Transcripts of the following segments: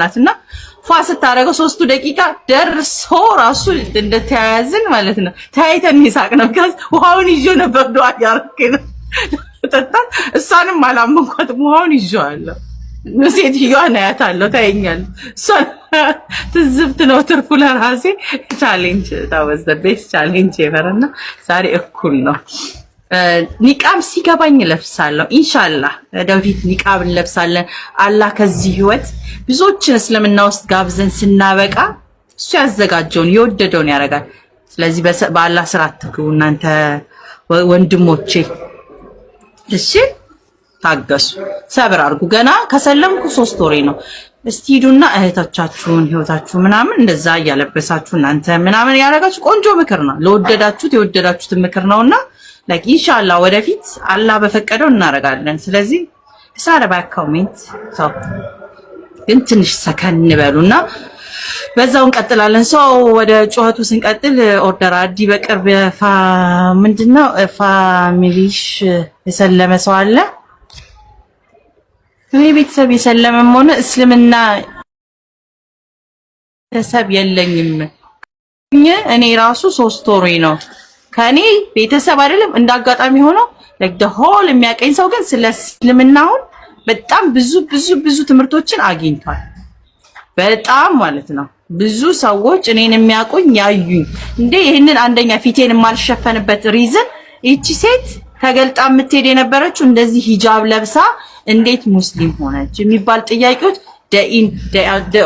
ናት እና ፏ ስታደርገው ሶስቱ ደቂቃ ደርሶ ራሱ እንደተያያዝን ማለት ነው። ተያይተን ይሳቅ ነው። ውሃውን ይዞ ነበር ዱዓ ያረከኝ ነው። ተጣ እሷንም አላመንኳትም። ውሃውን ይዞ ንሴት ይዋን አያታለሁ። ታይኛል። እሷን ትዝብት ነው ትርፉ ለራሴ ቻሌንጅ ታወዘ ቤስ ቻሌንጅ የበረና ዛሬ እኩል ነው። ኒቃብ ሲገባኝ ለብሳለሁ። ኢንሻላህ ወደፊት ኒቃብ እንለብሳለን። አላህ ከዚህ ህይወት ብዙዎችን እስልምና ውስጥ ጋብዘን ስናበቃ እሱ ያዘጋጀውን የወደደውን ያደርጋል። ስለዚህ በአላህ ስራ አትግቡ እናንተ ወንድሞቼ። እሺ ታገሱ፣ ሰብር አድርጉ። ገና ከሰለምኩ ሶስት ወሬ ነው። እስቲ ሂዱና እህቶቻችሁን ህይወታችሁ ምናምን እንደዛ እያለበሳችሁ እናንተ ምናምን ያደረጋችሁ ቆንጆ ምክር ነው። ለወደዳችሁት የወደዳችሁትን ምክር ነውና ላይክ ኢንሻአላህ ወደፊት አላህ በፈቀደው እናደርጋለን። ስለዚህ ሳራ ባካውሜንት ሰው ግን ትንሽ ሰከን በሉና በዛው እንቀጥላለን። ሰው ወደ ጨዋቱ ስንቀጥል ኦርደር አዲ በቅርብ ፋ ምንድነው ፋሚሊሽ የሰለመ ሰው አለ? እኔ ቤተሰብ የሰለመም ሆነ እስልምና ቤተሰብ የለኝም። እኔ ራሱ ሶስት ወሬ ነው ከኔ ቤተሰብ አይደለም እንዳጋጣሚ ሆኖ ላይክ ዘ ሆል የሚያቀኝ ሰው ግን ስለ በጣም ብዙ ብዙ ብዙ ትምህርቶችን አግኝቷል። በጣም ማለት ነው። ብዙ ሰዎች እኔን የሚያውቁኝ ያዩኝ እንዴ ይህንን አንደኛ ፊቴን የማልሸፈንበት ሪዝን ይቺ ሴት ተገልጣ የምትሄድ የነበረችው እንደዚህ ሂጃብ ለብሳ እንዴት ሙስሊም ሆነች የሚባል ጥያቄዎች ደኢን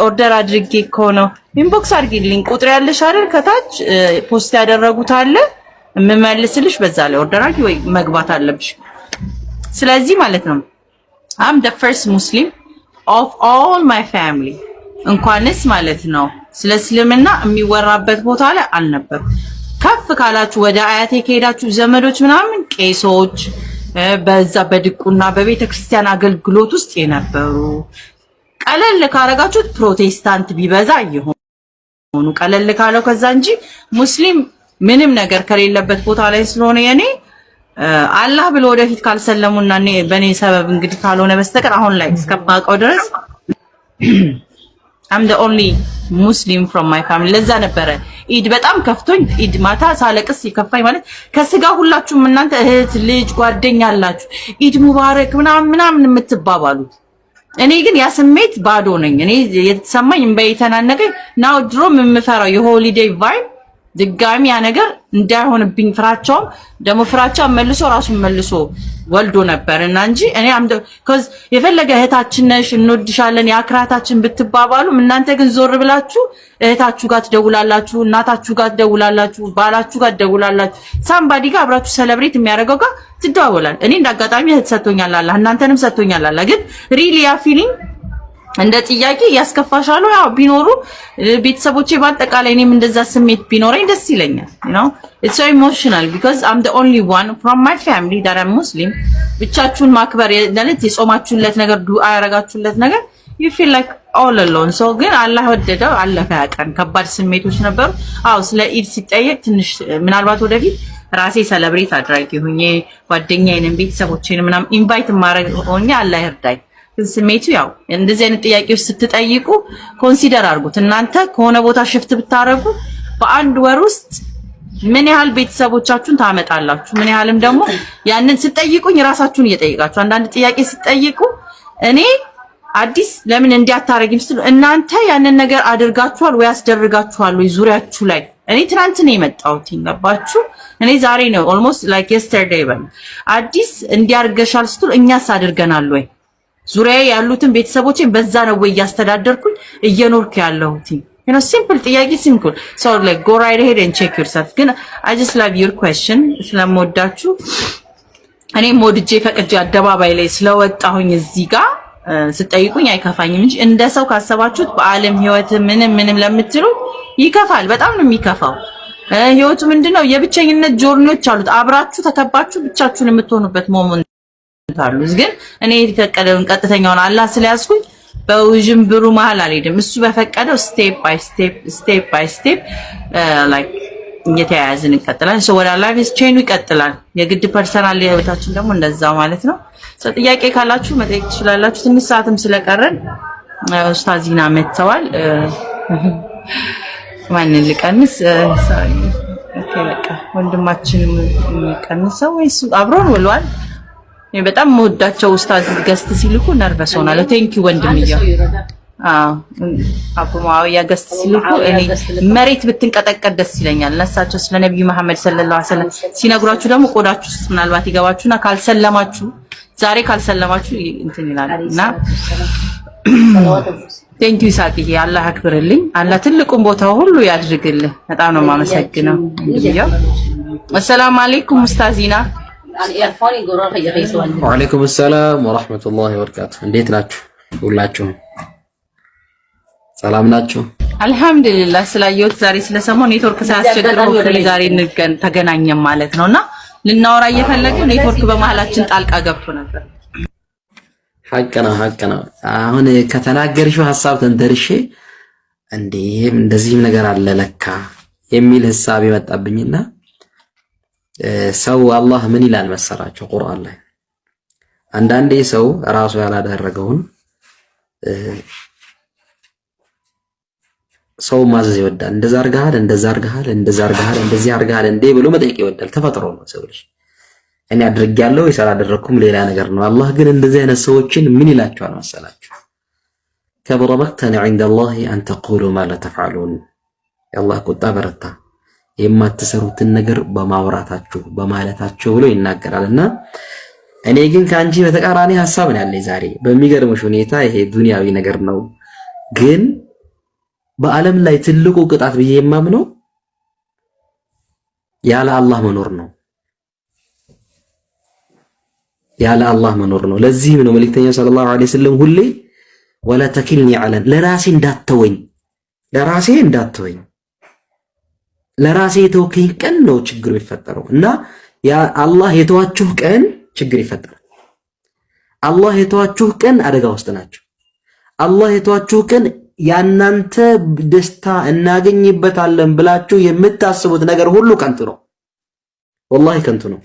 ኦርደር አድርጌ ከሆነው ኢንቦክስ አድርጊልኝ ቁጥር ያለሽ አይደል? ከታች ፖስት ያደረጉት አለ። የምመልስልሽ በዛ ላይ ኦርደር አድርጊ ወይ መግባት አለብሽ። ስለዚህ ማለት ነው አም ደ ፈርስት ሙስሊም ኦፍ ኦል ማይ ፋሚሊ እንኳንስ ማለት ነው ስለ እስልምና የሚወራበት ቦታ ላይ አልነበር። ከፍ ካላችሁ ወደ አያቴ ከሄዳችሁ ዘመዶች ምናምን ቄሶች በዛ በድቁና በቤተ ክርስቲያን አገልግሎት ውስጥ የነበሩ ቀለል ካረጋችሁት ፕሮቴስታንት ቢበዛ የሆኑ ቀለል ካለው ከዛ እንጂ ሙስሊም ምንም ነገር ከሌለበት ቦታ ላይ ስለሆነ የኔ አላህ ብሎ ወደፊት ካልሰለሙና እኔ በኔ ሰበብ እንግዲህ ካልሆነ በስተቀር አሁን ላይ እስከማውቀው ድረስ አም ኦንሊ ሙስሊም ፍሮም ማይ ፋሚሊ። ለዛ ነበረ ኢድ በጣም ከፍቶኝ ኢድ ማታ ሳለቅስ ይከፋኝ። ማለት ከስጋ ሁላችሁም እናንተ እህት ልጅ ጓደኛ አላችሁ ኢድ ሙባረክ ምናምን ምናምን የምትባባሉት እኔ ግን ያ ስሜት ባዶ ነኝ። እኔ የተሰማኝ እምባ የተናነቀኝ ናው ድሮም የምፈራው የሆሊዴይ ቫይብ ድጋሚ ያ ነገር እንዳይሆንብኝ ፍራቻውም ደግሞ ፍራቻ መልሶ ራሱን መልሶ ወልዶ ነበር እና እንጂ እኔ አምደ ኮዝ የፈለገ እህታችን ነሽ እንወድሻለን የአክራታችን ብትባባሉም እናንተ ግን ዞር ብላችሁ እህታችሁ ጋር ትደውላላችሁ፣ እናታችሁ ጋር ትደውላላችሁ፣ ባላችሁ ጋር ትደውላላችሁ፣ ሳምባዲ ጋር አብራችሁ ሰለብሬት የሚያደርገው ጋር ትደዋወላል። እኔ እንዳጋጣሚ እህት ሰጥቶኛል አላ እናንተንም ሰጥቶኛል አላ ግን ሪሊ ያ ፊሊንግ እንደ ጥያቄ ያስከፋሻሉ። ያው ቢኖሩ ቤተሰቦቼ በአጠቃላይ እኔም እንደዛ ስሜት ቢኖረኝ ደስ ይለኛል። you know it's so emotional because I'm the only one from my family that I'm Muslim ብቻችሁን ማክበር ማለት የጾማችሁለት ነገር ዱአ ያረጋችሁለት ነገር you feel like all alone so ግን አላህ ወደደው አለፈ ያቀን ከባድ ስሜቶች ነበሩ። አዎ ስለ ኢድ ሲጠየቅ ትንሽ ምናልባት ወደፊት ራሴ ሰለብሬት አድራጊ ሆኜ ጓደኛዬንም ቤተሰቦቼንም ምናምን ኢንቫይት ማድረግ ሆኜ አላህ ይርዳኝ። ስሜቱ ያው እንደዚህ አይነት ጥያቄዎች ስትጠይቁ ኮንሲደር አድርጉት። እናንተ ከሆነ ቦታ ሽፍት ብታረጉ በአንድ ወር ውስጥ ምን ያህል ቤተሰቦቻችሁን ታመጣላችሁ? ምን ያህልም ደግሞ ያንን ስትጠይቁኝ ራሳችሁን እየጠይቃችሁ አንዳንድ ጥያቄ ስትጠይቁ እኔ አዲስ ለምን እንዲያታረግም ስትሉ እናንተ ያንን ነገር አድርጋችኋል ወይ አስደርጋችኋል ወይ ዙሪያችሁ ላይ እኔ ትናንት ነው የመጣሁት ይገባችሁ። እኔ ዛሬ ነው ኦልሞስት ላይክ የስተርዴይ በል አዲስ እንዲያርገሻል ስትሉ እኛስ አድርገናል ወይ ዙሪያ ያሉትን ቤተሰቦችን በዛ ነው ወይ እያስተዳደርኩኝ እየኖርኩ ያለሁት? ዩ ኖ ሲምፕል ጥያቄ ሲምፕል ሶ ላይክ ጎ ራይድ ሄድ ኤንድ ቼክ ዩርሰልፍ። ግን አይ ጀስት ላቭ ዩር ኩዌስችን ስለምወዳችሁ እኔም ሞድጄ ፈቅጄ አደባባይ ላይ ስለወጣሁኝ እዚህ ጋር ስጠይቁኝ አይከፋኝም እንጂ እንደ ሰው ካሰባችሁት በአለም ህይወት ምንም ምንም ለምትሉ ይከፋል። በጣም ነው የሚከፋው። ህይወቱ ምንድነው? የብቸኝነት ጆርኒዎች አሉት። አብራችሁ ተከባችሁ ብቻችሁን የምትሆኑበት ሞመንት አሉት ግን እኔ የተፈቀደውን ቀጥተኛውን አላህ ስለያዝኩኝ ብሩ መሀል አልሄድም። እሱ በፈቀደው ስቴፕ ባይ ስቴፕ ስቴፕ ባይ ስቴፕ ላይክ እየተያያዝን እንቀጥላለን። ሶ ወደ አላህ ቼኑ ይቀጥላል። የግድ ፐርሰናል ህይወታችን ደግሞ እንደዛ ማለት ነው። ጥያቄ ካላችሁ መጠየቅ ትችላላችሁ። ትንሽ ሰዓትም ስለቀረን uh, ኡስታዝ ዚና መጥተዋል። uh, ማንን ልቀንስ? Uh, ኦኬ በቃ ወንድማችን የሚቀንሰው ወይስ አብሮን ውሏል? እኔ በጣም መወዳቸው ኡስታዝ ገስት ሲልኩ ነርቨስ ሆናለሁ። ቴንክ ዩ ወንድምየው። አዎ አቡ ሙአዊያ ገስት ሲልኩ እኔ መሬት ብትንቀጠቀጥ ደስ ይለኛል። ነሳቸው ስለ ነብዩ መሐመድ ሰለላሁ ዐለይሂ ወሰለም ሲነግሯችሁ ደግሞ ቆዳችሁ ውስጥ ምናልባት ይገባችሁና ካልሰለማችሁ፣ ዛሬ ካልሰለማችሁ እንትን ይላል እና ቴንክ ዩ ሳቅዬ፣ አላህ አክብርልኝ። አላህ ትልቁን ቦታ ሁሉ ያድርግልህ። በጣም ነው የማመሰግነው። እንግዲህ አሰላሙ አለይኩም ኡስታዚና ወዓለይኩም ሰላም ወራህመቱላሂ ወበረካቱ። እንዴት ናችሁ? ሁላችሁም ሰላም ናችሁ? አልሐምዱሊላህ። ስላየሁት ዛሬ ስለሰማሁ ኔትወርክ ሳያስቸግረው ዛሬ ተገናኘን ማለት ነውና ልናወራ እየፈለገው ኔትወርክ በመሀላችን ጣልቃ ገብቶ ነበር። ሀቅ ነው፣ ሐቅ ነው። አሁን ከተናገርሽው ሀሳብ ተንተርሼ እንዴም እንደዚህም ነገር አለ ለካ የሚል ህሳብ የመጣብኝና ሰው አላህ ምን ይላል መሰላቸው ቁርአን ላይ አንዳንዴ ሰው ራሱ ያላደረገውን ሰው ማዘዝ ይወዳል። እንደዛ አርጋሃል፣ እንደዛ አርጋሃል፣ እንደዛ አርጋሃል፣ እንደዚህ አርጋሃል እንዴ ብሎ መጠየቅ ይወዳል። ተፈጥሮ ነው ሰው ልጅ። እኔ አድርጌያለሁ ወይስ አላደረኩም ሌላ ነገር ነው። አላህ ግን እንደዚህ አይነት ሰዎችን ምን ይላቸዋል መሰላችሁ? ከበረ መቅተን ዐንደ አላህ አንተቁሉ ማ ላ የአላህ ቁጣ በረታ የማትሰሩትን ነገር በማውራታችሁ በማለታችሁ ብሎ ይናገራልና እኔ ግን ከአንቺ በተቃራኒ ሀሳብ ነው ያለኝ። ዛሬ በሚገርምሽ ሁኔታ ይሄ ዱንያዊ ነገር ነው፣ ግን በዓለም ላይ ትልቁ ቅጣት ብዬ የማምነው ያለ አላህ መኖር ነው። ያለ አላህ መኖር ነው። ለዚህም ነው መልእክተኛው ሰለላሁ ዐለይሂ ወሰለም ሁሌ ወላ ተኪልኒ ዐለን ለራሴ እንዳተወኝ ለራሴ እንዳተወኝ ለራሴ የተወከኝ ቀን ነው ችግሩ የፈጠረው እና አላህ የተዋችሁ ቀን ችግር ይፈጠራል። አላህ የተዋችሁ ቀን አደጋ ውስጥ ናቸው። አላህ የተዋችሁ ቀን ያናንተ ደስታ እናገኝበታለን ብላችሁ የምታስቡት ነገር ሁሉ ከንቱ ነው። ወላሂ ከንቱ ነው።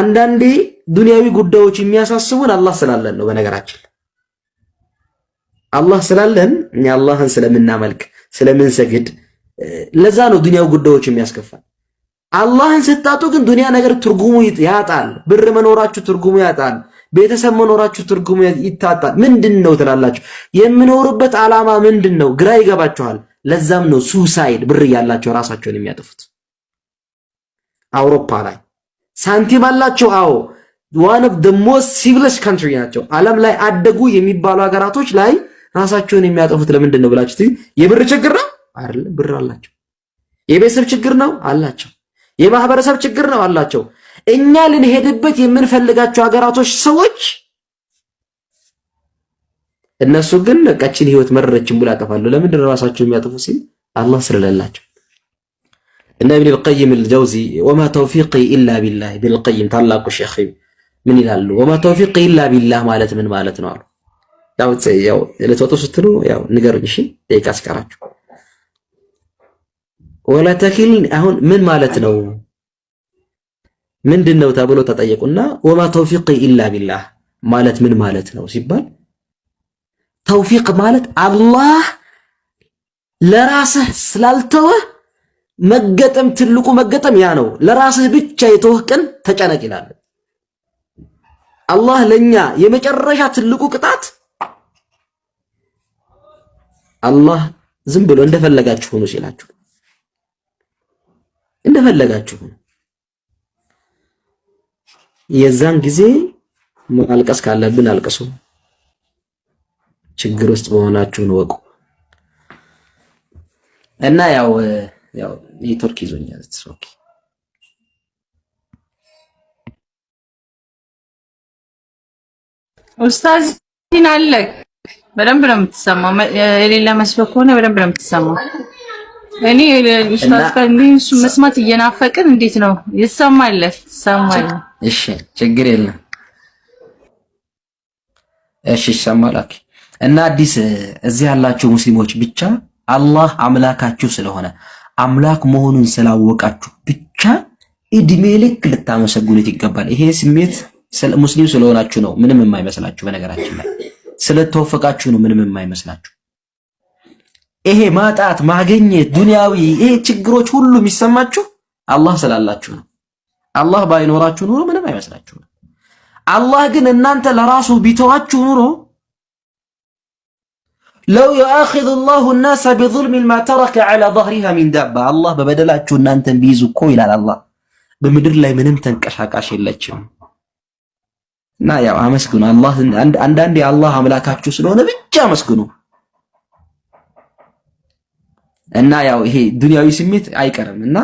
አንዳንዴ ዱንያዊ ጉዳዮች የሚያሳስቡን አላህ ስላለን ነው። በነገራችን አላህ ስላለን እኛ አላህን ስለምናመልክ ስለምንሰግድ ለዛ ነው ዱንያው ጉዳዮች የሚያስከፋል። አላህን ስታጡ ግን ዱንያ ነገር ትርጉሙ ያጣል። ብር መኖራችሁ ትርጉሙ ያጣል። ቤተሰብ መኖራችሁ ትርጉሙ ይታጣል። ምንድን ነው ትላላችሁ? የምኖርበት ዓላማ ምንድን ነው? ግራ ይገባችኋል። ለዛም ነው ሱሳይድ ብር እያላቸው ራሳቸውን የሚያጠፉት። አውሮፓ ላይ ሳንቲም አላቸው። አዎ ዋን ኦፍ ዘ ሞስት ሲቪለስ ካንትሪ ናቸው። ዓለም ላይ አደጉ የሚባሉ ሀገራቶች ላይ ራሳቸውን የሚያጠፉት ለምንድን ነው ብላችሁ የብር ችግር ነው። አይደለም። ብር አላቸው። የቤተሰብ ችግር ነው አላቸው። የማህበረሰብ ችግር ነው አላቸው። እኛ ልንሄድበት የምንፈልጋቸው ሀገራቶች ሰዎች እነሱ ግን በቃችን ህይወት መረረችን ብላ ያጠፋሉ። ለምንድን ነው ራሳቸው የሚያጠፉ ሲል አላህ ስለሌላቸው እና ኢብኑል ቀይም አልጀውዚ ወማ ተውፊቂ ኢላ ቢላህ ኢብኑል ቀይም ታላቁ ሼኽ ምን ይላሉ? ወማ ተውፊቂ ኢላ ቢላህ ማለት ምን ማለት ነው አሉ። ያው ያው ለተወጡ ስትሉ ያው ንገሩኝ። እሺ ደቂቃ አስቀራችሁ። ወላተኪል አሁን ምን ማለት ነው? ምንድን ነው ተብሎ ተጠየቁና ወማ ተውፊቅ ኢላ ቢላህ ማለት ምን ማለት ነው ሲባል ተውፊቅ ማለት አላህ ለራስህ ስላልተወህ መገጠም፣ ትልቁ መገጠም ያ ነው። ለራስህ ብቻ የተወህ ቀን ተጨነቅ ይላል አላህ። ለኛ የመጨረሻ ትልቁ ቅጣት አላህ ዝም ብሎ እንደፈለጋችሁ ሆኖ ሲላችሁ እንደፈለጋችሁ የዛን ጊዜ ማልቀስ ካለብን አልቅሱ። ችግር ውስጥ መሆናችሁን ወቁ እና ያው ያው ኔትወርክ ይዞኛል። ኦኬ ኡስታዝ አለ። በደንብ ነው የምትሰማው። የሌለ መስሎ ከሆነ በደንብ ነው የምትሰማው። እኔ እሱ መስማት እየናፈቅን እንዴት ነው ይሰማል? ይሰማል። እሺ ችግር የለም። እሺ ይሰማል። እና አዲስ እዚህ ያላችሁ ሙስሊሞች ብቻ አላህ አምላካችሁ ስለሆነ አምላክ መሆኑን ስላወቃችሁ ብቻ እድሜ ልክ ልታመሰግኑት ይገባል። ይሄ ስሜት ሙስሊም ስለሆናችሁ ነው ምንም የማይመስላችሁ። በነገራችን ላይ ስለተወፈቃችሁ ነው ምንም የማይመስላችሁ ይሄ ማጣት፣ ማገኘት፣ ዱንያዊ ይሄ ችግሮች ሁሉ የሚሰማችሁ አላህ ስላላችሁ ነው። አላህ ባይኖራችሁ ኑሮ ምንም አይመስላችሁ። አላህ ግን እናንተ ለራሱ ቢተዋችሁ ኑሮ ለው የአኺዙ ላሁ ናሰ ቢዙልሚሂ ማ ተረከ ዐላ ظህሪሃ ሚን ዳባ አላህ በበደላችሁ እናንተን ቢይዙ እኮ ይላል አላህ በምድር ላይ ምንም ተንቀሳቃሽ የለችም። እና ያው አመስግኑ። አንዳንዴ አላህ አምላካችሁ ስለሆነ ብቻ አመስግኑ። እና ያው ይሄ ዱንያዊ ስሜት አይቀርም እና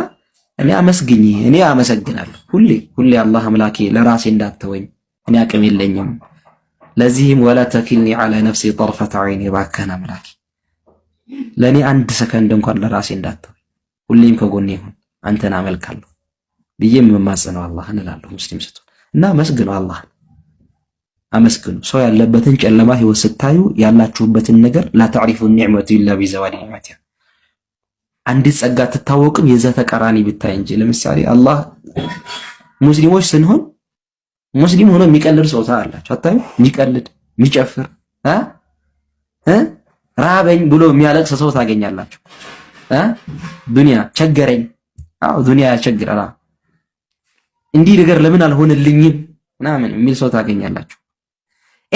እኔ አመስግኝ እኔ አመሰግናለሁ። ሁሌ ሁሌ አላህ አምላኬ ለራሴ እንዳተወኝ እኔ አቅም የለኝም። ለዚህም ወላ ተኪልኒ ዐላ ነፍሲ ጠርፈተ ዐይን የባከን አምላኬ ለእኔ አንድ ሰከንድ እንኳን ለራሴ እንዳተወኝ ሁሌም ከጎኔ ይሁን፣ አንተን አመልካለሁ ብዬ የምማጽነው አላህን እላለሁ። ሙስሊም ስትሆን እና አመስግኑ፣ አላህን አመስግኑ። ሰው ያለበትን ጨለማ ህይወት ስታዩ ያላችሁበትን ነገር ላተዕሪፉ ኒዕመቱ ኢላ ቢዘዋል ኒዕመቲሃ አንዲት ጸጋ ትታወቅም የዛ ተቃራኒ ብታይ እንጂ። ለምሳሌ አላህ ሙስሊሞች ስንሆን ሙስሊም ሆኖ የሚቀልድ ሰው ታላችሁ አታዩ? የሚቀልድ የሚጨፍር እ ራበኝ ብሎ የሚያለቅስ ሰው ታገኛላችሁ። እ ዱንያ ቸገረኝ። አዎ ዱንያ ያቸግራል። እንዲህ ነገር ለምን አልሆነልኝም ምናምን የሚል ሰው ታገኛላችሁ።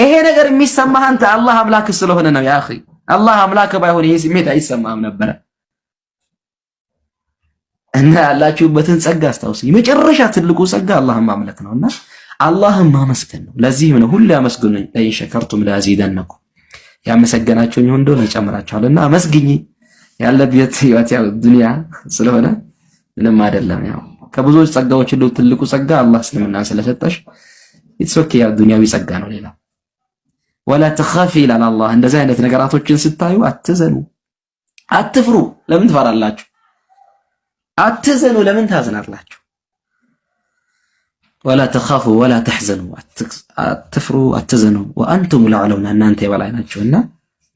ይሄ ነገር የሚሰማህ አንተ አላህ አምላክ ስለሆነ ነው። ያ አኺ አላህ አምላክ ባይሆን ይሄ ስሜት አይሰማህም ነበረ። እና ያላችሁበትን ጸጋ አስታውስ። የመጨረሻ ትልቁ ጸጋ አላህን ማምለክ ነውና አላህን ማመስገን ነው። ለዚህም ነው ሁሌ አመስግኑ፣ ለኢን ሸከርቱም ለአዚደነኩም፣ ያመሰገናችሁ ይሁን እንደሆነ እጨምራችኋለሁና አመስግኝ። ያለበት ህይወት ያው ዱንያ ስለሆነ ምንም አይደለም። ያው ከብዙዎች ጸጋዎች ሁሉ ትልቁ ጸጋ አላህ እስልምናን ስለሰጠሽ ኢትስ ኦኬ። ያው ዱንያዊ ጸጋ ነው። ሌላ ወላ ተኻፍ ይላል አላህ። እንደዚህ አይነት ነገራቶችን ስታዩ አትዘኑ፣ አትፍሩ። ለምን ትፈራላችሁ? አትዘኑ። ለምን ታዝናላችሁ? ወላ ተኻፉ ወላ ተሕዘኑ፣ አትፍሩ፣ አትዘኑ። ወአንቱም ለዕለውና እናንተ የበላይ ናችሁና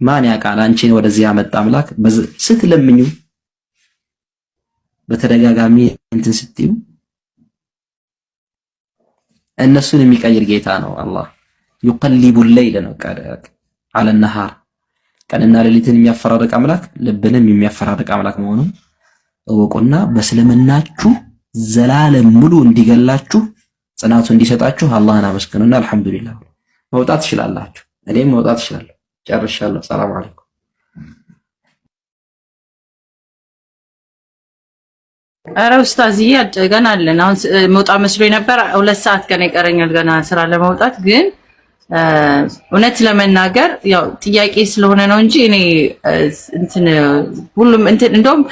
ማን ያውቃል አንቺን ወደዚህ ያመጣ አምላክ ስትለምኙ በተደጋጋሚ እንትን ስትዩ እነሱን የሚቀይር ጌታ ነው። አላህ ዩቀሊቡ ሌይል ነው አለ ነሃር፣ ቀንና ሌሊትን የሚያፈራርቅ አምላክ ልብንም የሚያፈራርቅ አምላክ መሆኑን እወቁና በእስልምናችሁ ዘላለም ሙሉ እንዲገላችሁ ጽናቱ እንዲሰጣችሁ አላህን አመስግኑና አልሐምዱሊላህ መውጣት ትችላላችሁ። እኔም መውጣት ይችላል። ጨርሻለሁ። ሰላም አለይኩም። አረ ኡስታዝዬ ገና አለን። አሁን መውጣ መስሎ ነበር። ሁለት ሰዓት ገና ይቀረኛል ገና ስራ ለመውጣት ግን እውነት ለመናገር ያው ጥያቄ ስለሆነ ነው እንጂ እኔ እንትን ሁሉም እንትን እንደውም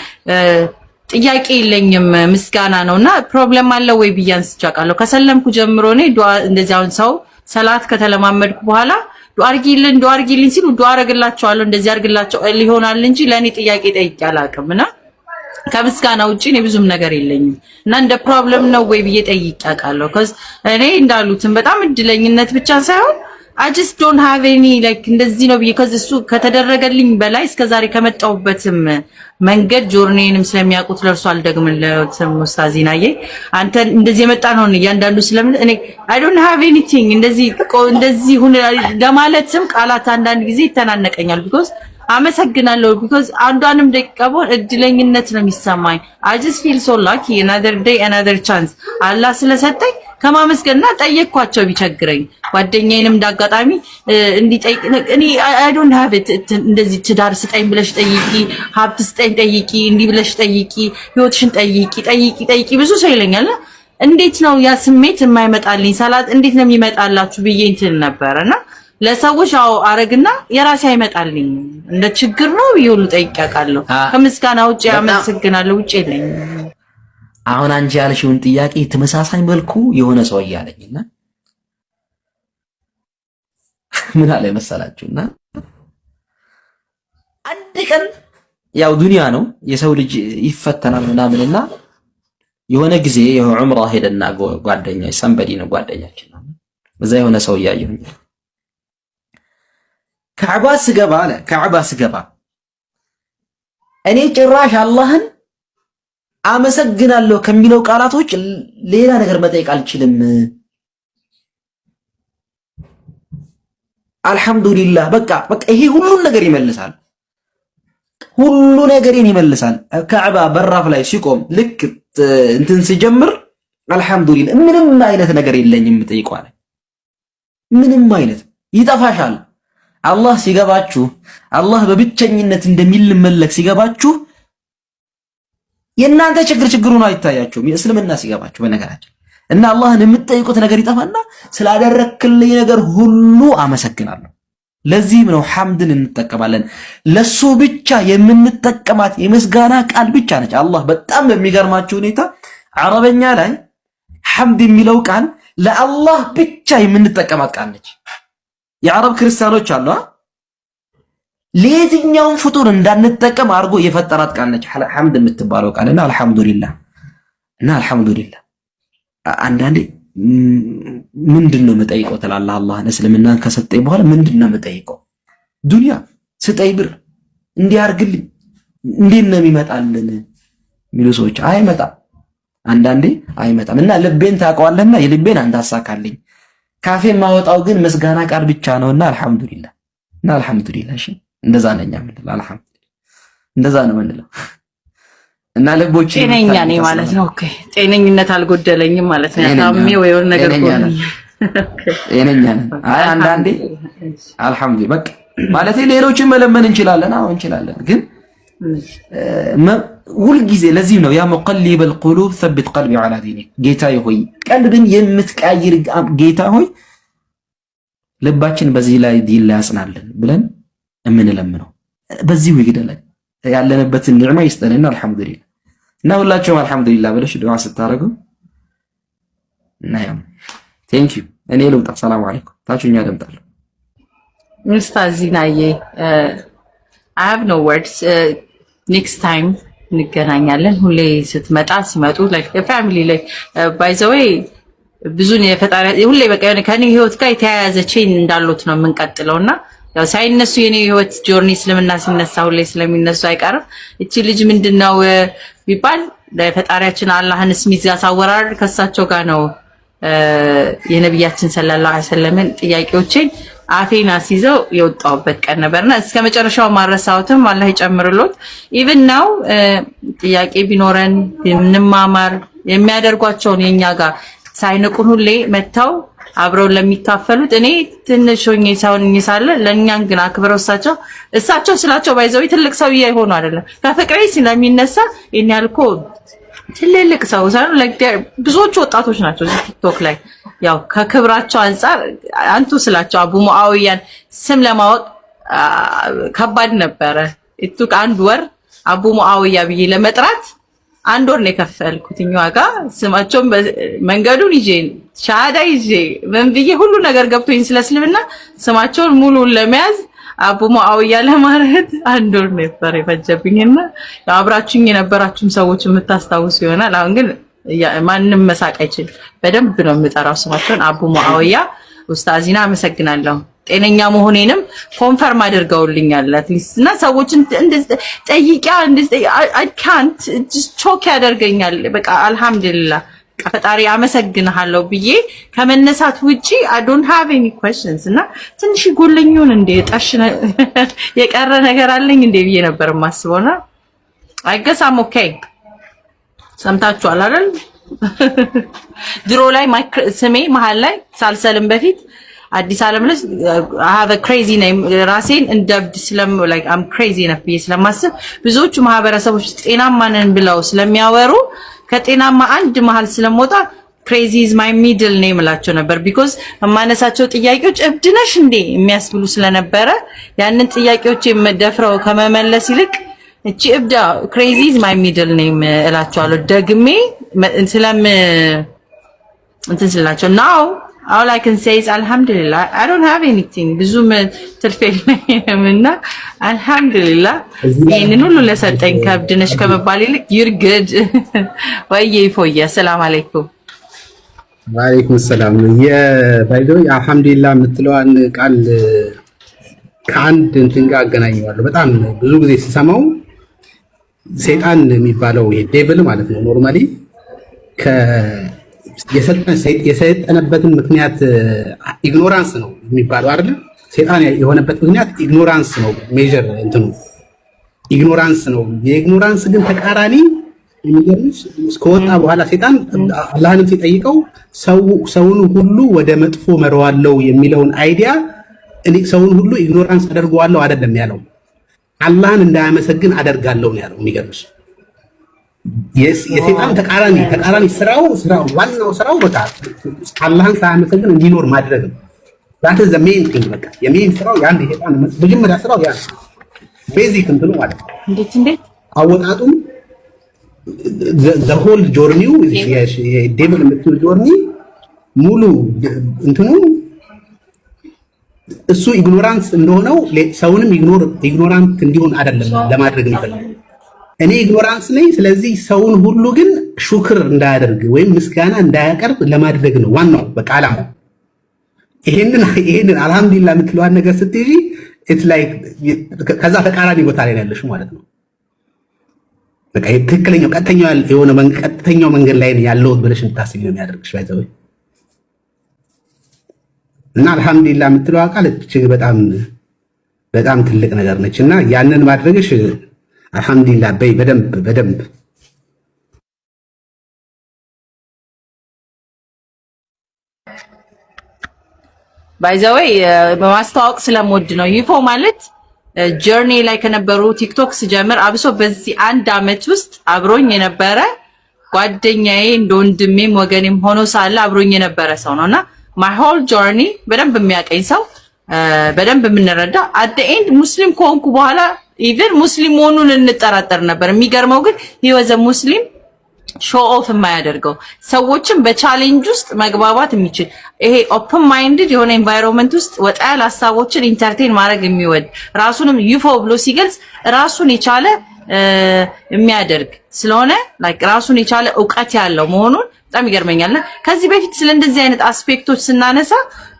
ጥያቄ የለኝም፣ ምስጋና ነው እና ፕሮብለም አለ ወይ ብዬ አንስቼ አውቃለሁ። ከሰለምኩ ጀምሮ እኔ ዱዓ እንደዚህ አሁን ሰው ሰላት ከተለማመድኩ በኋላ ዱዓ አድርጊልኝ ዱዓ አድርጊልኝ ሲሉ ዱዓ አረግላቸዋለሁ እንደዚህ አርግላቸው ሊሆናል እንጂ ለእኔ ጥያቄ ጠይቄ አላውቅም እና ከምስጋና ውጭ እኔ ብዙም ነገር የለኝም እና እንደ ፕሮብለም ነው ወይ ብዬ ጠይቄ አውቃለሁ። እኔ እንዳሉትን በጣም እድለኝነት ብቻ ሳይሆን አጅስ ዶን ሃቭ ኤኒ ላይክ እንደዚህ ነው ብዬ ከዚ እሱ ከተደረገልኝ በላይ እስከዛሬ ከመጣሁበትም መንገድ ጆርኔንም ስለሚያውቁት ለእርሱ አልደግምለትም። ሙስታዚናዬ አንተ እንደዚህ የመጣ ነውን? እያንዳንዱ ስለምን እኔ አይ ዶንት ሃቭ ኤኒቲንግ እንደዚህ እንደዚህ ሁን ለማለትም ቃላት አንዳንድ ጊዜ ይተናነቀኛል። ቢኮዝ አመሰግናለሁ። ቢኮዝ አንዷንም ደቂቃ በሆን እድለኝነት ነው የሚሰማኝ። አይ ጀስት ፊል ሶ ላኪ አናዘር ዴይ አናዘር ቻንስ አላህ ስለሰጠኝ ከማመስገንና ጠየቅኳቸው ቢቸግረኝ ጓደኛዬንም እንዳጋጣሚ እንዲጠይቅ እኔ አይ ዶንት ሃቭ ኢት እንደዚህ ትዳር ስጠኝ ብለሽ ጠይቂ፣ ሀብት ስጠኝ ጠይቂ፣ እንዲህ ብለሽ ጠይቂ፣ ህይወትሽን ጠይቂ ጠይቂ ጠይቂ ብዙ ሰው ይለኛል። እንዴት ነው ያ ስሜት የማይመጣልኝ? ሰላት እንዴት ነው የሚመጣላችሁ ብዬ እንትን ነበረና ለሰዎች አዎ አረግና የራሴ አይመጣልኝ። እንደ ችግር ነው ይሁሉ ጠይቅ ያውቃለሁ። ከምስጋና ውጭ ያመሰግናለሁ ውጭ የለኝም። አሁን አንቺ ያልሽውን ጥያቄ ተመሳሳይ መልኩ የሆነ ሰው እያለኝና ምን አለ መሰላችሁና አንድ ቀን ያው ዱንያ ነው የሰው ልጅ ይፈተናል ምናምንና የሆነ ጊዜ ዑምራ ሄደና ጓደኛ ሰንበዲ ነው ጓደኛችን ነው እዛ የሆነ ሰው እያየሁኝ ካዕባ ስገባ አለ ካዕባ ስገባ እኔ ጭራሽ አላህን አመሰግናለሁ ከሚለው ቃላቶች ሌላ ነገር መጠየቅ አልችልም። አልሐምዱሊላ በቃ በቃ ይሄ ሁሉን ነገር ይመልሳል። ሁሉ ነገሬን ይመልሳል። ካዕባ በራፍ ላይ ሲቆም ልክ እንትን ሲጀምር አልሐምዱሊላህ ምንም አይነት ነገር የለኝም የምጠይቀው አለ። ምንም አይነት ይጠፋሻል። አላህ ሲገባችሁ አላህ በብቸኝነት እንደሚልመለክ ሲገባችሁ የእናንተ ችግር ችግሩ ነው አይታያችሁም። የእስልምና ሲገባችሁ በነገራችን እና አላህን የምትጠይቁት ነገር ይጠፋና ስላደረክልኝ ነገር ሁሉ አመሰግናለሁ። ለዚህም ነው ሐምድን እንጠቀማለን። ለሱ ብቻ የምንጠቀማት የምስጋና ቃል ብቻ ነች። አላህ በጣም በሚገርማችሁ ሁኔታ አረበኛ ላይ ሐምድ የሚለው ቃል ለአላህ ብቻ የምንጠቀማት ቃል ነች። የአረብ ክርስቲያኖች አሉ ለየትኛውም ፍጡር እንዳንጠቀም አድርጎ የፈጠራት ቃል ነች ሐምድ የምትባለው ቃል እና አልሐምዱሊላ እና አልሐምዱሊላ። አንዳንዴ ምንድን ነው የምጠይቀው ትላለህ አላህን እስልምናን ከሰጠኝ በኋላ ምንድን ነው የምጠይቀው ዱንያ ስጠይ ብር እንዲያርግልኝ እንዴት ነው የሚመጣልን የሚሉ ሰዎች አይመጣም አንዳንዴ አይመጣም እና ልቤን ታውቀዋለህና የልቤን አንተ አሳካልኝ ካፌ የማወጣው ግን ምስጋና ቃል ብቻ ነውና አልሐምዱሊላ እና አልሐምዱሊላ እሺ እንደዛ ነኝ የምንለው አልሐምዱሊላህ፣ እንደዛ ነው የምንለው እና ልቦች ጤነኛ ነኝ ማለት ነው። ኦኬ ጤነኝነት አልጎደለኝም ማለት ነው። ታሜ ወይ ወር ነገር ጎደለኝ ጤነኛ ነኝ። አይ አንዳንዴ አልሐምዱሊላህ በቃ ማለት ሌሎችን መለመን እንችላለን። አዎ እንችላለን፣ ግን ሁልጊዜ ለዚህ ነው ያ ሙቀሊበል ቁሉብ ሰብት ቀልቢ ዐላ ዲኒክ፣ ጌታ ሆይ ቀልብን የምትቀይር ጌታ ሆይ ልባችን በዚህ ላይ ዲን ላይ ያጽናልን ብለን የምንለምነው። በዚህ በዚሁ ላይ ያለንበትን ኒዕማ ይስጠንና አልሐምዱሊላ እና ሁላችሁም አልሐምዱሊላ ብለሽ ዱዓ ስታደርጉ እናየው። ቴንክ ዩ። እኔ ልውጣ። ሰላም አለይኩም። ታችሁኛ ደምጣለሁ። ኡስታዝ ዚናዬ አይ ሃቭ ኖ ወርድስ። ኔክስት ታይም እንገናኛለን። ሁሌ ስትመጣ ሲመጡ ፋሚሊ ላይ ባይ ዘ ዌይ ብዙን የፈጣሪ ሁሌ በቃ የሆነ ከኔ ህይወት ጋር የተያያዘ ቼን እንዳሉት ነው የምንቀጥለው እና ያው ሳይነሱ የኔ ህይወት ጆርኒ እስልምና ሲነሳ ሁሌ ስለሚነሱ አይቀርም። እቺ ልጅ ምንድነው ቢባል ለፈጣሪያችን አላህን ስም ያሳወራል ከእሳቸው ጋ ጋር ነው የነቢያችን ሰለላሁ ዐለይሂ ወሰለምን ጥያቄዎችን አፌን አስይዘው የወጣሁበት ቀን ነበርና እስከ መጨረሻው ማረሳሁትም አላህ ይጨምርሎት። ኢቭን ነው ጥያቄ ቢኖረን ብንማማር የሚያደርጓቸውን የኛ ጋር ሳይንቁን ሁሌ መጥተው አብረውን ለሚካፈሉት እኔ ትንሽ ሆኜ ሳይሆን ሳለ ለእኛን ግን አክብረው እሳቸው እሳቸው ስላቸው ባይዘው ትልቅ ሰው እየሆኑ አይደለም ከፍቅሬ ስለሚነሳ ይህን ያልኮ ትልልቅ ሰው ብዙዎቹ ወጣቶች ናቸው ቲክቶክ ላይ ያው ከክብራቸው አንጻር አንቱ ስላቸው አቡ ሙአውያን ስም ለማወቅ ከባድ ነበረ። ኢቱክ አንድ ወር አቡ ሙአውያ ብዬ ለመጥራት አንድ ወር ነው የከፈልኩት ዋጋ። ስማቸውን መንገዱን ይዤ ሻሃዳ ይዤ ምን ብዬ ሁሉ ነገር ገብቶኝ ስለ እስልምና ስማቸውን ሙሉን ለመያዝ አቡ ሙአውያ ለማለት አንድ ወር ነበር የፈጀብኝና አብራችሁኝ የነበራችሁም ሰዎች የምታስታውሱ ይሆናል። አሁን ግን ማንም መሳቅ አይችል። በደንብ ነው የምጠራው ስማቸውን አቡ ሙአውያ ኡስታዚና። አመሰግናለሁ። ጤነኛ መሆኔንም ኮንፈርም አድርገውልኛል። አትሊስት እና ሰዎችን ጠይቂያ አይ ካንት ቾክ ያደርገኛል። በቃ አልሐምዱሊላህ ፈጣሪ አመሰግንሃለሁ ብዬ ከመነሳት ውጪ አይ ዶንት ሃቭ ኤኒ ኩዌስችንስ እና ትንሽ ጎለኝውን እንደ ጣሽ የቀረ ነገር አለኝ እንደ ብዬ ነበር አይ የማስበውና አም ኦኬ ሰምታችኋል አይደል? ድሮ ላይ ስሜ መሀል ላይ ሳልሰልም በፊት አዲስ ዓለም ልጅ አይ ሃቭ አ ክሬዚ ኔም ራሴን እንደብድ ስለም ላይክ አም ክሬዚ ነፍ ብዬ ስለማስብ ብዙዎቹ ማህበረሰቦች ጤናማ ነን ብለው ስለሚያወሩ ከጤናማ አንድ መሀል ስለምወጣ ክሬዚ ኢዝ ማይ ሚድል ነው የምላቸው ነበር። ቢኮዝ የማነሳቸው ጥያቄዎች እብድነሽ እንዴ የሚያስብሉ ስለነበረ ያንን ጥያቄዎች የምደፍረው ከመመለስ ይልቅ እቺ እብዳ ክሬዚ ኢዝ ማይ ሚድል ኔም እላቸዋለሁ ደግሜ ስለም እንትን ስላቸው ናው አሁን ላይ ከን ሴይዝ አልহামዱሊላህ አይ ዶንት ሃቭ ኤኒቲንግ ብዙ ትርፌል እና አልহামዱሊላህ ይሄንን ሁሉ ለሰጠኝ ከብድነሽ ከመባል ይልቅ ይርግድ ወይዬ ይፎያ ሰላም አለይኩም ወአለይኩም ሰላም የባይዶ አልহামዱሊላህ የምትለዋን ቃል ከአንድ እንትን ጋር አገናኘዋለሁ በጣም ብዙ ጊዜ ሲሰማው ሰይጣን የሚባለው ዴቪል ማለት ነው ኖርማሊ የሰጠነበትን ምክንያት ኢግኖራንስ ነው የሚባለው አይደለ? ሴጣን የሆነበት ምክንያት ኢግኖራንስ ነው። ሜጀር እንትኑ ኢግኖራንስ ነው። የኢግኖራንስ ግን ተቃራኒ የሚገርምሽ በኋላ ሴጣን አላህንም ሲጠይቀው ሰውን ሁሉ ወደ መጥፎ መረዋለው የሚለውን አይዲያ ሰውን ሁሉ ኢግኖራንስ አደርገዋለው አይደለም ያለው፣ አላህን እንዳያመሰግን አደርጋለው ነው ያለው። የሚገርምሽ የሴጣን ተቃራኒ ተቃራኒ ስራው ስራው ዋናው ስራው በቃ አላህን ሳያመሰግን እንዲኖር ማድረግ ነው። ዛት ዘ ሜን ቲንግ በቃ የሜን ስራው የአንድ የሴጣን መጀመሪያ ስራው ያ ቤዚክ እንትኑ ማለት ነው። እንዴት እንዴት አወጣጡም ዘ ሆል ጆርኒው ዴቨል የምትል ጆርኒ ሙሉ እንትኑ እሱ ኢግኖራንስ እንደሆነው ሰውንም ኢግኖራንት እንዲሆን አይደለም ለማድረግ ነው እኔ ኢግኖራንስ ነኝ። ስለዚህ ሰውን ሁሉ ግን ሹክር እንዳያደርግ ወይም ምስጋና እንዳያቀርብ ለማድረግ ነው ዋናው በቃ ዓላማው። ይሄንን ይሄንን አልሐምዱሊላ የምትለዋን ነገር ስትይ ኢትስ ላይክ ከዛ ተቃራኒ ቦታ ላይ ያለሽ ማለት ነው። በቃ ትክክለኛው ቀጥተኛው የሆነ ቀጥተኛው መንገድ ላይ ያለሁት ብለሽ እንድታስቢ ነው የሚያደርግሽ ባይዘው እና አልሐምዱሊላ የምትለዋ ቃል እጅግ በጣም በጣም ትልቅ ነገር ነች እና ያንን ማድረግሽ አልሐምዱሊላህ በይ በደንብ በደንብ ወይ uh, በማስተዋወቅ ስለምወድ ነው። ይፎ ማለት ጀርኒ uh, ላይ ከነበሩ ቲክቶክ ስጀምር አብሶ በዚህ አንድ አመት ውስጥ አብሮኝ የነበረ ጓደኛዬ እንደ ወንድሜም ወገኔም ሆኖ ሳለ አብሮኝ የነበረ ሰው ነው እና ማይ ሆል ጆርኒ በደንብ የሚያቀኝ ሰው፣ uh, በደንብ የምንረዳ አደ ኤንድ ሙስሊም ከሆንኩ በኋላ ኢቨን ሙስሊም መሆኑን እንጠራጠር ነበር። የሚገርመው ግን ይወዘ ሙስሊም ሾ ኦፍ የማያደርገው ሰዎችን በቻሌንጅ ውስጥ መግባባት የሚችል ይሄ ኦፕን ማይንድድ የሆነ ኤንቫይሮንመንት ውስጥ ወጣ ያለ ሀሳቦችን ኢንተርቴን ማድረግ የሚወድ ራሱንም ዩፎ ብሎ ሲገልጽ ራሱን የቻለ የሚያደርግ ስለሆነ ላይክ ራሱን የቻለ እውቀት ያለው መሆኑን በጣም ይገርመኛልና ከዚህ በፊት ስለ እንደዚህ አይነት አስፔክቶች ስናነሳ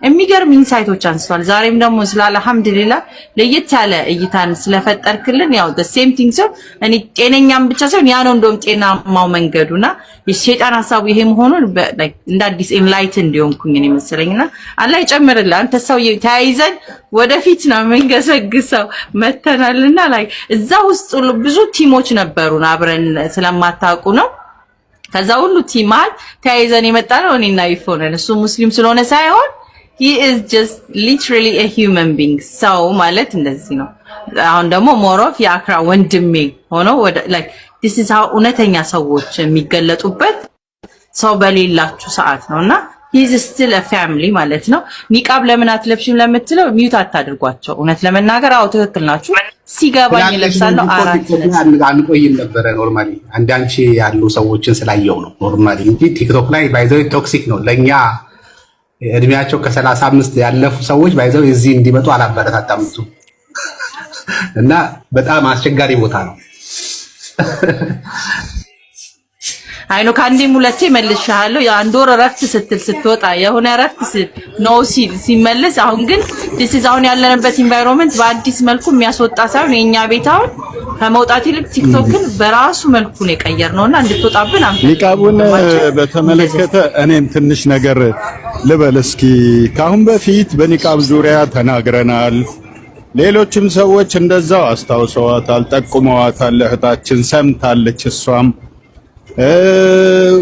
የሚገርም ኢንሳይቶች አንስቷል። ዛሬም ደግሞ ስለ አልሐምዱሊላ ለየት ያለ እይታን ስለፈጠርክልን ያው ሴም ቲንግ ሰው እኔ ጤነኛም ብቻ ሳይሆን ያ ነው እንደውም ጤናማው መንገዱና የሴጣን ሀሳቡ ይሄ መሆኑን እንደ አዲስ ኢንላይት እንዲሆንኩኝ እኔ መሰለኝና አላህ ይጨምርልህ። አንተ ሰው ተያይዘን ወደፊት ነው የምንገሰግሰው መተናልና ላይ እዛ ውስጥ ብዙ ቲሞች ነበሩን አብረን ስለማታውቁ ነው። ከዛ ሁሉ ቲማል ተያይዘን የመጣ ነው እኔና ይፎ እሱ ሙስሊም ስለሆነ ሳይሆን ሂ ኢዝ ጀስት ሊትራሊ ኤ ሂውመን ቢንግ ሰው ማለት እንደዚህ ነው። አሁን ደግሞ ሞሮፍ የአክራ ወንድሜ ሆኖ ወደ ላይክ ዲስ ኢዝ ሃው እውነተኛ ሰዎች የሚገለጡበት ሰው በሌላችሁ ሰዓት ነውና ሂዝ ስትል ፋሚሊ ማለት ነው። ኒቃብ ለምን አትለብሽም ለምትለው ሚዩት አታድርጓቸው። እውነት ለመናገር አዎ ትክክል ናችሁ። ሲገባኝ ለብሳለሁ። አራት አንቆይም ነበረ ኖርማሊ አንዳንቺ ያሉ ሰዎችን ስላየው ነው ኖርማሊ እንጂ ቲክቶክ ላይ ባይዘው ቶክሲክ ነው ለእኛ እድሜያቸው ከሰላሳ አምስት ያለፉ ሰዎች ባይዘው እዚህ እንዲመጡ አላበረታታም እሱ እና በጣም አስቸጋሪ ቦታ ነው። አይኖ ከአንዴም ሁለቴ መልሼሃለሁ። የአንድ ወር እረፍት ስትል ስትወጣ የሆነ እረፍት ነው ሲል ሲመለስ፣ አሁን ግን ዲስ ኢዝ አሁን ያለንበት ኢንቫይሮንመንት በአዲስ መልኩ የሚያስወጣ ሳይሆን የኛ ቤት አሁን ከመውጣት ይልቅ ቲክቶክን በራሱ መልኩ ነው የቀየር ነውና እንድትወጣብን አንተ ሊቃቡን በተመለከተ እኔም ትንሽ ነገር ልበል እስኪ። በፊት በኒቃብ ዙሪያ ተናግረናል። ሌሎችም ሰዎች እንደዛው አስታውሰዋታል፣ ጠቁመዋታል። እህታችን ሰምታለች እሷም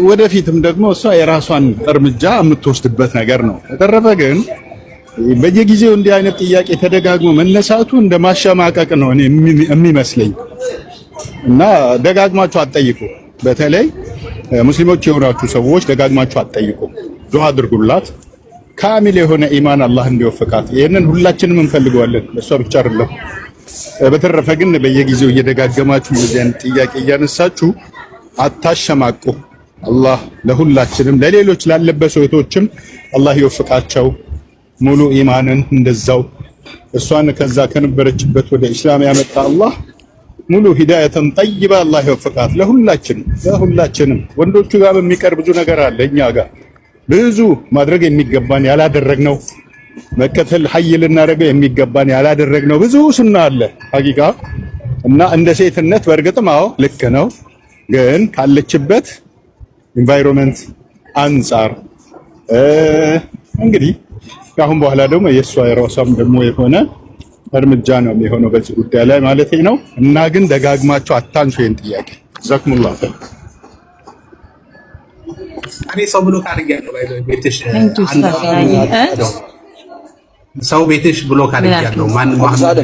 ወደፊትም ደግሞ እሷ የራሷን እርምጃ የምትወስድበት ነገር ነው። በተረፈ ግን በየጊዜው እንዲህ አይነት ጥያቄ ተደጋግሞ መነሳቱ እንደ ማሸማቀቅ ነው እኔ የሚመስለኝ እና ደጋግማችሁ አትጠይቁ። በተለይ ሙስሊሞች የሆናችሁ ሰዎች ደጋግማችሁ አትጠይቁ። ዱዓ አድርጉላት። ካሚል የሆነ ኢማን አላህ እንዲወፍቃት ይህንን ሁላችንም እንፈልገዋለን። እሷ ብቻ አይደለም። በተረፈ ግን በየጊዜው እየደጋገማችሁ እንደዚህ አይነት ጥያቄ እያነሳችሁ አታሸማቁ። አላህ ለሁላችንም ለሌሎች ላለበሱ ሰውቶችም አላህ ይወፍቃቸው። ሙሉ ኢማንን እንደዛው እሷን ከዛ ከነበረችበት ወደ እስላም ያመጣ አላህ ሙሉ ሂዳያትን ጠይባ አላህ ይወፍቃት። ለሁላችንም ለሁላችንም ወንዶቹ ጋር በሚቀር ብዙ ነገር አለ። እኛ ጋር ብዙ ማድረግ የሚገባን ያላደረግነው መከተል ሀይ ልናደርገው የሚገባን ያላደረግነው ብዙ ሱና አለ ሀቂቃ እና እንደ ሴትነት በእርግጥም አዎ ልክ ነው። ግን ካለችበት ኢንቫይሮንመንት አንጻር እንግዲህ ከአሁን በኋላ ደግሞ የእሷ የራሷም ደግሞ የሆነ እርምጃ ነው የሚሆነው በዚህ ጉዳይ ላይ ማለት ነው። እና ግን ደጋግማቸው አታንሱ ይህን ጥያቄ ዘክሙላ እኔ ሰው ብሎክ አድርጊያለሁ። ቤትሽ ሰው ቤትሽ ብሎክ አድርጊያለሁ ማህመድ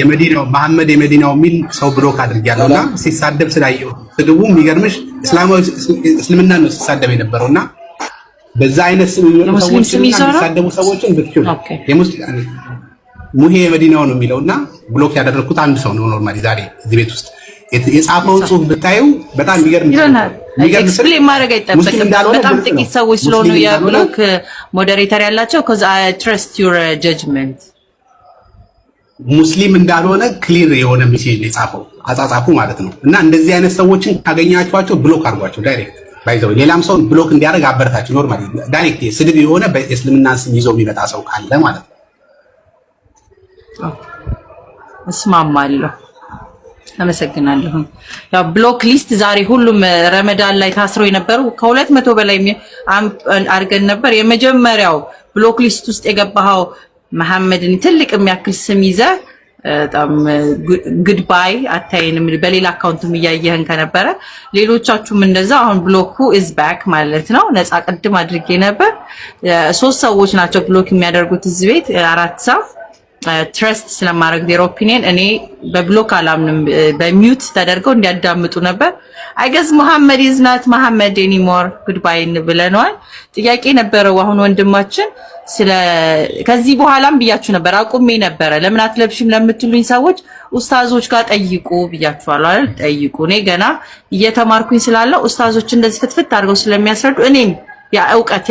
የመዲናው መሐመድ የመዲናው የሚል ሰው ብሎክ አድርጌያለሁ እና ሲሳደብ ስላየው ስድቡ የሚገርምሽ እስላማዊ እስልምና ነው ሲሳደብ የነበረው እና በዛ አይነት ስም የሚወጡ ሰዎችን የሚሳደቡ ሰዎችን ብትችሉ ሙሄ የመዲናው ነው የሚለው እና ብሎክ ያደረግኩት አንድ ሰው ነው። ኖርማሊ ዛሬ እዚህ ቤት ውስጥ የጻፈው ጽሁፍ ብታዩ በጣም የሚገርም ኤክስፕሌን ማድረግ አይጠበቅም። በጣም ጥቂት ሰዎች ስለሆኑ የብሎክ ሞዴሬተር ያላቸው ከዛ ትረስት ዩር ጀጅመንት ሙስሊም እንዳልሆነ ክሊር የሆነ ሜሴጅ ነው የጻፈው አጻጻፉ ማለት ነው። እና እንደዚህ አይነት ሰዎችን ካገኛችኋቸው ብሎክ አድርጓቸው ዳይሬክት ባይዘው ሌላም ሰውን ብሎክ እንዲያደርግ አበረታቸው። ኖርማል ዳይሬክት ስድብ የሆነ በእስልምና ስም ይዘው የሚመጣ ሰው ካለ ማለት ነው። እስማማለሁ። አመሰግናለሁ። ያው ብሎክ ሊስት ዛሬ ሁሉም ረመዳን ላይ ታስረው የነበሩ ከሁለት መቶ በላይ አድርገን ነበር። የመጀመሪያው ብሎክ ሊስት ውስጥ የገባኸው መሐመድን ትልቅ የሚያክል ስም ይዘ በጣም ግድባይ አታይንም። በሌላ አካውንትም እያየህን ከነበረ ሌሎቻችሁም እንደዛ። አሁን ብሎኩ ኢዝ ባክ ማለት ነው። ነፃ ቅድም አድርጌ ነበር። ሶስት ሰዎች ናቸው ብሎክ የሚያደርጉት እዚህ ቤት አራት ሰው ትረስት ስለማድረግ ዜሮ ኦፒኒየን እኔ በብሎክ አላምንም። በሚዩት ተደርገው እንዲያዳምጡ ነበር። አይገዝ መሐመድ ይዝናት መሐመድ ኤኒሞር ጉድባይን ብለነዋል። ጥያቄ ነበረው አሁን ወንድማችን ስለ ከዚህ በኋላም ብያችሁ ነበር አቁሜ ነበረ። ለምን አትለብሽም ለምትሉኝ ሰዎች ኡስታዞች ጋር ጠይቁ ብያችኋል አይደል? ጠይቁ። እኔ ገና እየተማርኩኝ ስላለው ኡስታዞች እንደዚህ ፍትፍት አድርገው ስለሚያስረዱ እኔም ያ እውቀት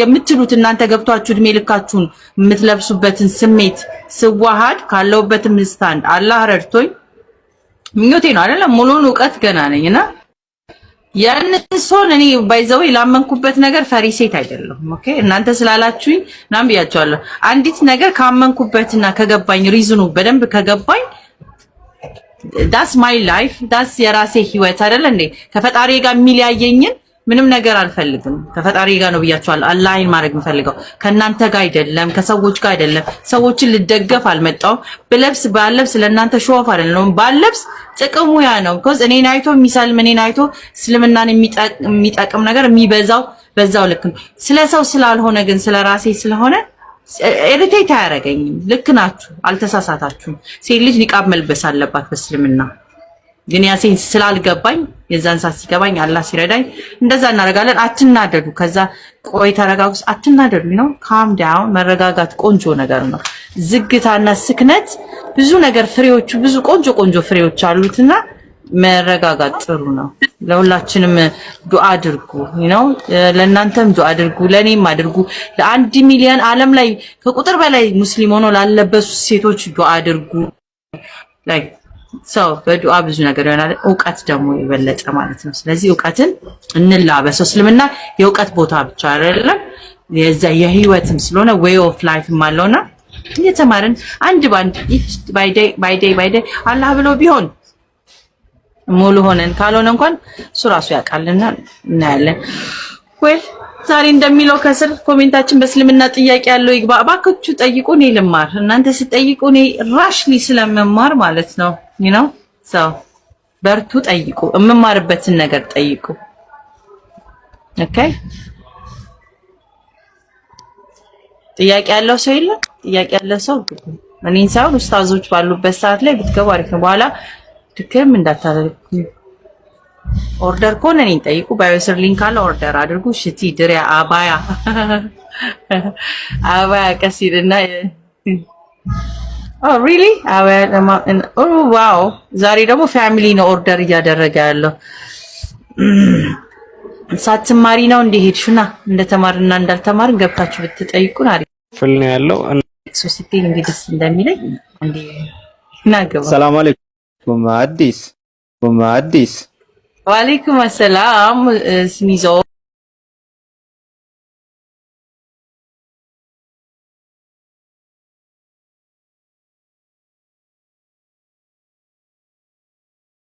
የምትሉት እናንተ ገብቷችሁ እድሜ ልካችሁን የምትለብሱበትን ስሜት ስዋሃድ ካለውበትም ምስታንድ አላህ ረድቶኝ ምኞቴ ነው አይደለም። ሙሉን እውቀት ገና ነኝ እና ያንን ሰውን እኔ ባይዘው ላመንኩበት ነገር ፈሪሴት አይደለም። አይደለሁም። ኦኬ እናንተ ስላላችሁኝ ምናምን ብያቸዋለሁ። አንዲት ነገር ካመንኩበትና ከገባኝ ሪዝኑ በደንብ ከገባኝ ዳስ ማይ ላይፍ ዳስ የራሴ ህይወት አይደለ እንዴ ከፈጣሪ ጋር የሚለያየኝን ምንም ነገር አልፈልግም። ከፈጣሪ ጋር ነው ብያቸዋል። አላይን ማድረግ የምፈልገው ከእናንተ ጋር አይደለም፣ ከሰዎች ጋር አይደለም። ሰዎችን ልደገፍ አልመጣውም። ብለብስ ባለብስ ለእናንተ ሾፍ አይደለም። ባለብስ ጥቅሙ ያ ነው። ቢኮዝ እኔን አይቶ የሚሰልም እኔን አይቶ እስልምናን የሚጠቅም ነገር የሚበዛው በዛው ልክ ነው። ስለ ሰው ስላልሆነ ግን ስለ ራሴ ስለሆነ ኤሪቴት አያደርገኝም። ልክ ናችሁ፣ አልተሳሳታችሁም። ሴት ልጅ ኒቃብ መልበስ አለባት በእስልምና ግን ያሴን ስላልገባኝ የዛን ሰዓት ሲገባኝ አላህ ሲረዳኝ እንደዛ እናደርጋለን። አትናደዱ። ከዛ ቆይ ተረጋጉ፣ አትናደዱ ነው። ካም ዳውን መረጋጋት ቆንጆ ነገር ነው። ዝግታና ስክነት ብዙ ነገር ፍሬዎቹ ብዙ ቆንጆ ቆንጆ ፍሬዎች አሉትና መረጋጋት ጥሩ ነው። ለሁላችንም ዱአ አድርጉ ነው። ለእናንተም ዱአ አድርጉ፣ ለእኔም አድርጉ። ለአንድ ሚሊዮን ዓለም ላይ ከቁጥር በላይ ሙስሊም ሆኖ ላለበሱ ሴቶች ዱአ አድርጉ። ሰው በዱዓ ብዙ ነገር ይሆናል። እውቀት ደግሞ የበለጠ ማለት ነው። ስለዚህ እውቀትን እንላበስ። እስልምና የእውቀት ቦታ ብቻ አይደለም፣ የዛ የህይወትም ስለሆነ ዌይ ኦፍ ላይፍም አለውና እየተማርን አንድ ባንድ ባይ ዴይ ባይ ዴይ አላህ ብሎ ቢሆን ሙሉ ሆነን ካልሆነ እንኳን እሱ ራሱ ያውቃልና እናያለን። ወይ ዛሬ እንደሚለው ከስር ኮሜንታችን በእስልምና ጥያቄ ያለው ይግባ፣ እባካችሁ ጠይቁ፣ እኔ ልማር። እናንተ ስጠይቁ እኔ ራሽሊ ስለመማር ማለት ነው ዩ ኖ ሰው በርቱ፣ ጠይቁ፣ የምማርበትን ነገር ጠይቁ። ኦኬ ጥያቄ ያለው ሰው የለም። ጥያቄ ያለው ሰው እኔን ሳይሆን ኡስታዞች ባሉበት ሰዓት ላይ ብትገቡ አሪፍ ነው። በኋላ ድክም እንዳታደርጉ። ኦርደር ከሆነ እኔን ጠይቁ። ባዮስር ሊንክ አለ፣ ኦርደር አድርጉ። ሽቲ፣ ድሪያ፣ አባያ አባያ ቀሲልና ሪሊ oh, ዋው! Ah, oh, ዛሬ ደግሞ ፋሚሊ ነው ኦርደር እያደረገ ያለው። ሳትማሪ ነው እንደሄድሽና እንደተማርና እንዳልተማርን ገብታችሁ ብትጠይቁን አሪፍ ፍል ነው ያለው። ሶስቴ እንግዲህ ደስ እንደሚለኝ እንዴ ሰላም አለይኩም አዲስ አዲስ። ወአለይኩም አሰላም ስሚዞ